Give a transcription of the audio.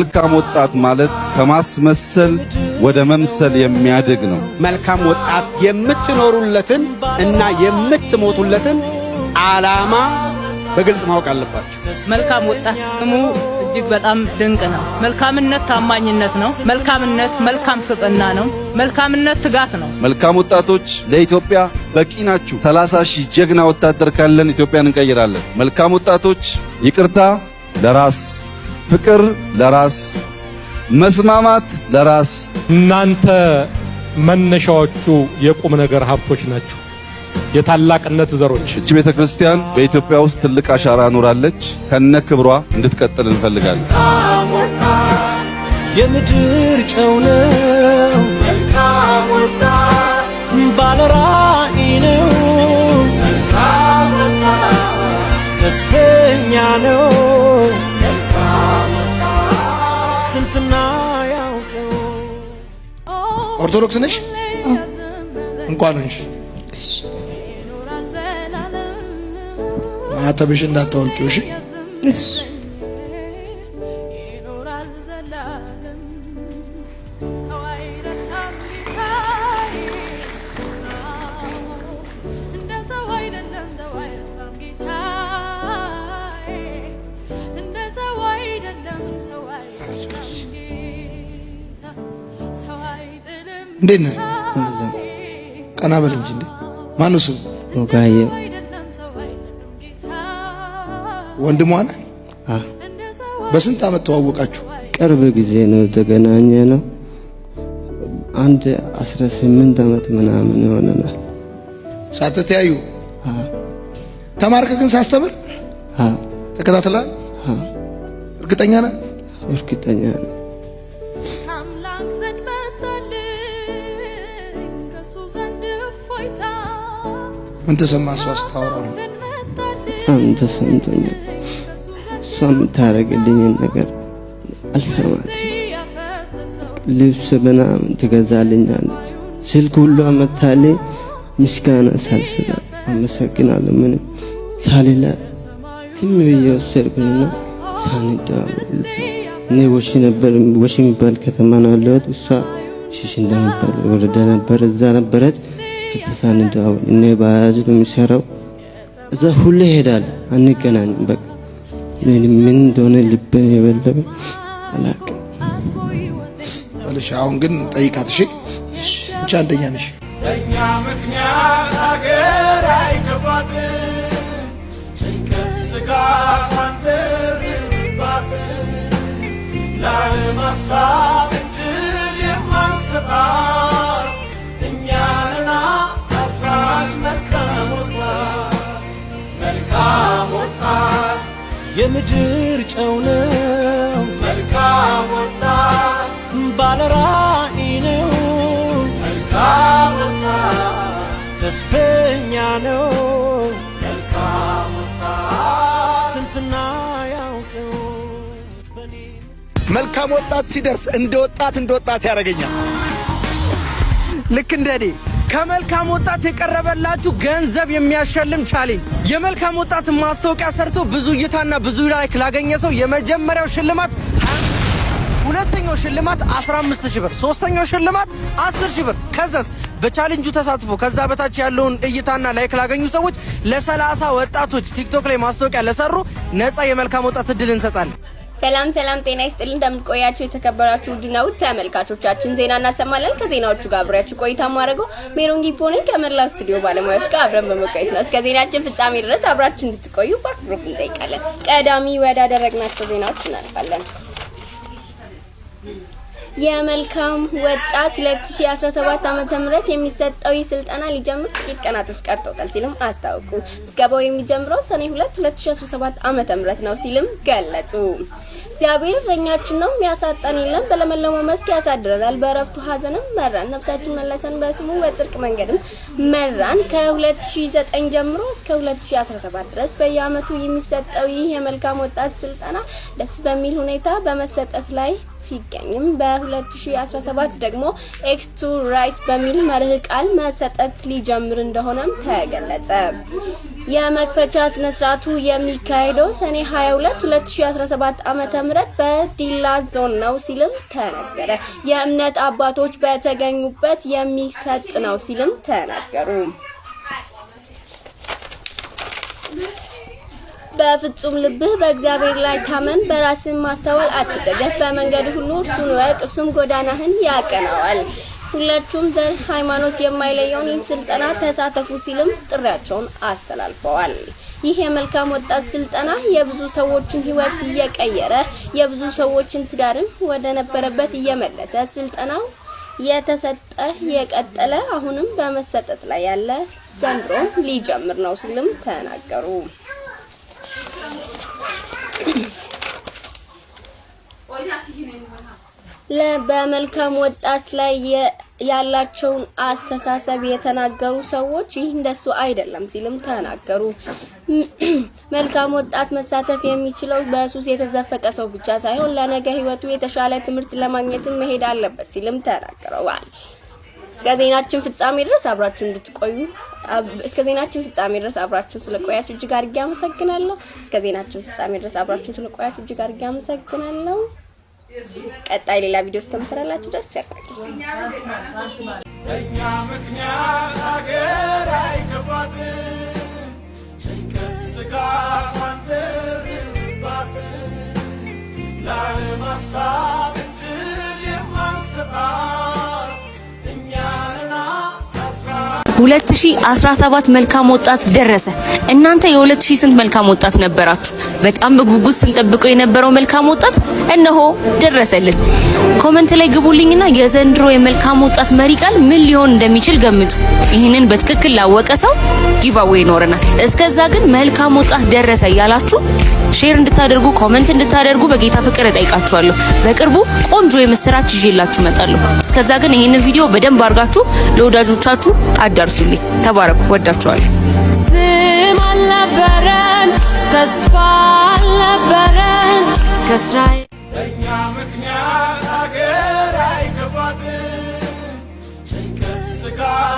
መልካም ወጣት ማለት ከማስመሰል ወደ መምሰል የሚያድግ ነው። መልካም ወጣት የምትኖሩለትን እና የምትሞቱለትን ዓላማ በግልጽ ማወቅ አለባቸው። መልካም ወጣት ስሙ እጅግ በጣም ድንቅ ነው። መልካምነት ታማኝነት ነው። መልካምነት መልካም ስብዕና ነው። መልካምነት ትጋት ነው። መልካም ወጣቶች ለኢትዮጵያ በቂ ናችሁ። ሰላሳ ሺህ ጀግና ወታደር ካለን ኢትዮጵያን እንቀይራለን። መልካም ወጣቶች ይቅርታ ለራስ ፍቅር ለራስ መስማማት ለራስ እናንተ መነሻዎቹ የቁም ነገር ሀብቶች ናቸው። የታላቅነት ዘሮች። እቺ ቤተ ክርስቲያን በኢትዮጵያ ውስጥ ትልቅ አሻራ ኖራለች። ከነ ክብሯ እንድትቀጥል እንፈልጋለን። የምድር ጨው ነው፣ ነው፣ ተስፈኛ ነው። ስንፍና ኦርቶዶክስ ነሽ? እንኳን ነሽ። ማተብሽ እንዳታወልቂው እሺ እንዴት ነህ? ቀና በል እንጂ እንዴ! ማነው ስሙ? ሮጋዬ ወንድሟ ነህ? በስንት አመት ተዋወቃችሁ? ቅርብ ጊዜ ነው ተገናኘ ነው። አንድ 18 አመት ምናምን ይሆነናል። ሳትተያዩ ተማርክ፣ ግን ሳስተምር ተከታትላል። እርግጠኛ ነህ? እርግጠኛ ነህ? ምን ተሰማ? እሷ ስታወራ በጣም ተሰምቶኛል። እሷ የምታደርግልኝን ነገር አልሰማት። ልብስ ምናምን ትገዛልኛለች። ስልክ ሁሉ አመታሌ ምስጋና ሳልስላ አመሰግናለሁ ምንም ሳልላ ትም ብዬ ወሰድኩኝና ሳንደዋወል እኔ ወሽ ነበር ወሽ የሚባል ከተማ ነው ያለሁት። እሷ ሽሽ እንደነበር ወረዳ ነበር እዛ እዛን እንደው እኔ ባያዝ ነው የሚሰራው እዛ ሁሉ ይሄዳል። አንገናኝም። በቃ ምን ምን እንደሆነ ልብን የበለበ አላውቅም። አሁን ግን ጠይቃት። እሺ ብቻ አንደኛ ነሽ። በእኛ ምክንያት አገር አይገባት ጭንቀት፣ ስጋት አንደርባት ላለማሳብ እድል የማንሰጣ ምድር ጨው ነው። መልካም ወጣት ባለራዕይ ነው። መልካም ወጣት ተስፈኛ ነው። መልካም ወጣት ስንፍና ያውቀው መልካም ወጣት ሲደርስ እንደ ወጣት እንደ ወጣት ያደርገኛል ልክ እንደኔ ከመልካም ወጣት የቀረበላችሁ ገንዘብ የሚያሸልም ቻሌንጅ። የመልካም ወጣት ማስታወቂያ ሰርቶ ብዙ እይታና ብዙ ላይክ ላገኘ ሰው የመጀመሪያው ሽልማት፣ ሁለተኛው ሽልማት ሺህ ብር፣ ሶስተኛው ሽልማት ሺህ ብር። ከዛስ በቻሌንጁ ተሳትፎ ከዛ በታች ያለውን እይታና ላይክ ላገኙ ሰዎች ለ30 ወጣቶች ቲክቶክ ላይ ማስታወቂያ ለሰሩ ነፃ የመልካም ወጣት እድል እንሰጣለን። ሰላም ሰላም፣ ጤና ይስጥልን እንደምንቆያችሁ የተከበራችሁ ውድና ውድ ተመልካቾቻችን ዜና እናሰማለን። ከዜናዎቹ ጋር አብሬያችሁ ቆይታ ማድረገው ሜሮን ጊፖንን ከመላ ስቱዲዮ ባለሙያዎች ጋር አብረን በመቆየት ነው። እስከ ዜናችን ፍጻሜ ድረስ አብራችሁ እንድትቆዩ በአክብሮት እንጠይቃለን። ቀዳሚ ወዳደረግናቸው ዜናዎች እናልፋለን። የመልካም ወጣት 2017 ዓ.ም የሚሰጠው ይህ ስልጠና ሊጀምር ጥቂት ቀናቶች ቀርተውታል ሲልም አስታውቁ። ምዝገባው የሚጀምረው ሰኔ 2 2017 ዓ.ም ነው ሲልም ገለጹ። እግዚአብሔር እረኛችን ነው፣ የሚያሳጣን የለም። በለመለመው መስክ ያሳድረናል፣ በእረፍቱ ሀዘንም መራን። ነፍሳችን መለሰን፣ በስሙ በጽድቅ መንገድም መራን። ከ2009 ጀምሮ እስከ 2017 ድረስ በየአመቱ የሚሰጠው ይህ የመልካም ወጣት ስልጠና ደስ በሚል ሁኔታ በመሰጠት ላይ ሲገኝም በ 2017 ደግሞ ኤክስቱ ራይት በሚል መርህ ቃል መሰጠት ሊጀምር እንደሆነም ተገለጸ። የመክፈቻ ስነ ስርዓቱ የሚካሄደው ሰኔ 22 2017 ዓ.ም በዲላ ዞን ነው ሲልም ተነገረ። የእምነት አባቶች በተገኙበት የሚሰጥ ነው ሲልም ተናገሩ። በፍጹም ልብህ በእግዚአብሔር ላይ ታመን፣ በራስህ ማስተዋል አትደገፍ። በመንገድ ሁሉ እርሱን ወቅ፣ እርሱም ጎዳናህን ያቀናዋል። ሁላችሁም ዘር ሃይማኖት የማይለየውን ይህን ስልጠና ተሳተፉ ሲልም ጥሪያቸውን አስተላልፈዋል። ይህ የመልካም ወጣት ስልጠና የብዙ ሰዎችን ሕይወት እየቀየረ የብዙ ሰዎችን ትዳርም ወደ ነበረበት እየመለሰ ስልጠናው የተሰጠ የቀጠለ አሁንም በመሰጠት ላይ ያለ ዘንድሮም ሊጀምር ነው ሲልም ተናገሩ። በመልካም ወጣት ላይ ያላቸውን አስተሳሰብ የተናገሩ ሰዎች ይህ እንደሱ አይደለም ሲልም ተናገሩ። መልካም ወጣት መሳተፍ የሚችለው በሱስ የተዘፈቀ ሰው ብቻ ሳይሆን ለነገ ሕይወቱ የተሻለ ትምህርት ለማግኘትም መሄድ አለበት ሲልም ተናግረዋል። እስከ ዜናችን ፍጻሜ ድረስ አብራችሁ እንድትቆዩ እስከ ዜናችን ፍጻሜ ድረስ አብራችሁን ስለቆያችሁ እጅግ አድርጌ አመሰግናለሁ። እስከ ዜናችን ፍጻሜ ድረስ አብራችሁን ስለቆያችሁ እጅግ አድርጌ አመሰግናለሁ። ቀጣይ ሌላ ቪዲዮ እስከምሰራላችሁ ድረስ ቸር ቆዩ። 2017 መልካም ወጣት ደረሰ። እናንተ የ2000 ስንት መልካም ወጣት ነበራችሁ? በጣም በጉጉት ስንጠብቀው የነበረው መልካም ወጣት እነሆ ደረሰልን። ኮመንት ላይ ግቡልኝና የዘንድሮ የመልካም ወጣት መሪ ቃል ምን ሊሆን እንደሚችል ገምቱ። ይህንን በትክክል ላወቀ ሰው ጊቫዌ ይኖረናል። እስከዛ ግን መልካም ወጣት ደረሰ ያላችሁ ሼር እንድታደርጉ ኮመንት እንድታደርጉ በጌታ ፍቅር እጠይቃችኋለሁ። በቅርቡ ቆንጆ የምስራች ይዤላችሁ እመጣለሁ። እስከዛ ግን ይህንን ቪዲዮ በደንብ አድርጋችሁ ለወዳጆቻችሁ አዳርሱ። አድርጊልኝ። ተባረኩ። ወዳችኋል። ስም አልነበረን፣ ተስፋ አልነበረን ከእስራኤል በእኛ ምክንያት አገር ጭንቀት ስጋ